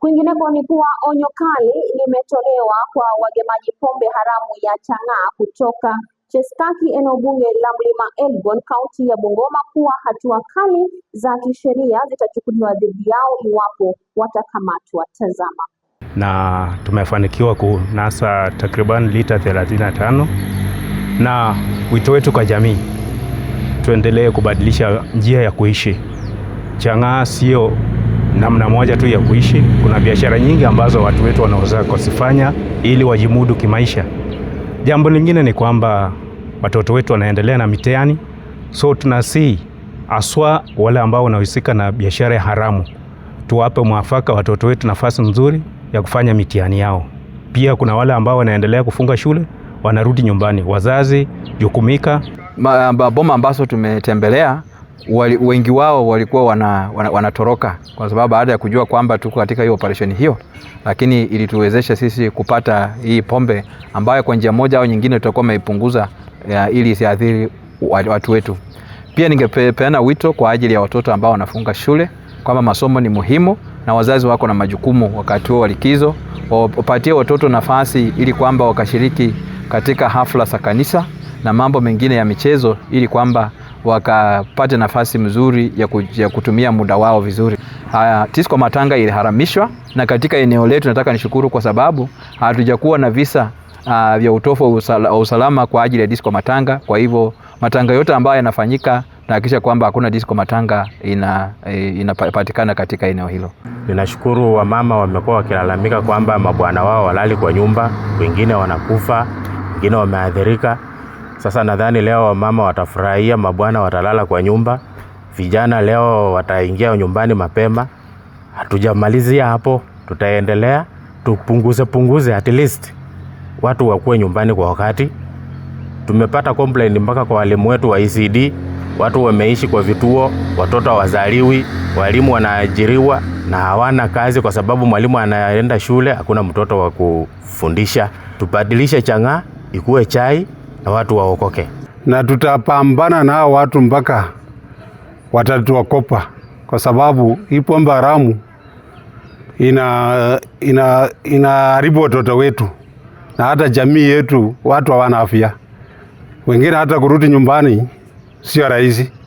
Kwingineko ni kuwa onyo kali limetolewa kwa wagemaji pombe haramu ya chang'aa kutoka cheskaki eneo bunge la Mlima Elgon, kaunti ya Bungoma, kuwa hatua kali za kisheria zitachukuliwa dhidi yao iwapo watakamatwa. Tazama, na tumefanikiwa kunasa takriban lita 35 na wito wetu kwa jamii, tuendelee kubadilisha njia ya kuishi. Chang'aa sio namna moja tu ya kuishi. Kuna biashara nyingi ambazo watu wetu wanaweza kuzifanya ili wajimudu kimaisha. Jambo lingine ni kwamba watoto wetu wanaendelea na mitihani, so tunasii aswa wale ambao wanahusika na biashara ya haramu, tuwape mwafaka watoto wetu nafasi nzuri ya kufanya mitihani yao. Pia kuna wale ambao wanaendelea kufunga shule, wanarudi nyumbani, wazazi jukumika. Maboma ambazo tumetembelea wali, wengi wao walikuwa wana, wana, wanatoroka kwa sababu baada ya kujua kwamba tuko katika hiyo operesheni hiyo, lakini ilituwezesha sisi kupata hii pombe ambayo kwa njia moja au nyingine tutakuwa tumeipunguza ili isiathiri watu wetu. Pia ningepeana wito kwa ajili ya watoto ambao wanafunga shule kwamba masomo ni muhimu na wazazi wako na majukumu wakati wa likizo, wapatie watoto nafasi ili kwamba wakashiriki katika hafla za kanisa na mambo mengine ya michezo ili kwamba wakapata nafasi mzuri ya, ku, ya kutumia muda wao vizuri. Haya, ah, TISCO Matanga iliharamishwa, na katika eneo letu nataka nishukuru kwa sababu hatujakuwa na visa uh, vya utofu wa usalama kwa ajili ya DISCO Matanga. Kwa hivyo matanga yote ambayo yanafanyika nahakikisha kwamba hakuna DISCO Matanga ina e, inapatikana katika eneo hilo. Ninashukuru wamama wamekuwa wakilalamika kwamba mabwana wao walali kwa nyumba, wengine wanakufa, wengine wameathirika sasa nadhani leo mama watafurahia, mabwana watalala kwa nyumba, vijana leo wataingia nyumbani mapema. Hatujamalizia hapo, tutaendelea tupunguze punguze, at least watu wakuwe nyumbani kwa wakati. Tumepata complaint mpaka kwa walimu wetu wa ECD, watu wameishi kwa vituo, watoto wazaliwi, walimu wanaajiriwa na hawana kazi, kwa sababu mwalimu anaenda shule, hakuna mtoto wa kufundisha. Tubadilishe chang'aa ikuwe chai na watu waokoke, na tutapambana na hao watu mpaka watatuokopa, kwa sababu hii pombe haramu ina ina inaharibu watoto wetu na hata jamii yetu. Watu hawana afya, wengine hata kurudi nyumbani sio rahisi.